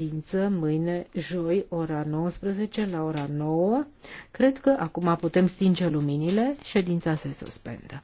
ședință mâine, joi, ora 19, la ora 9. Cred că acum putem stinge luminile, ședința se suspendă.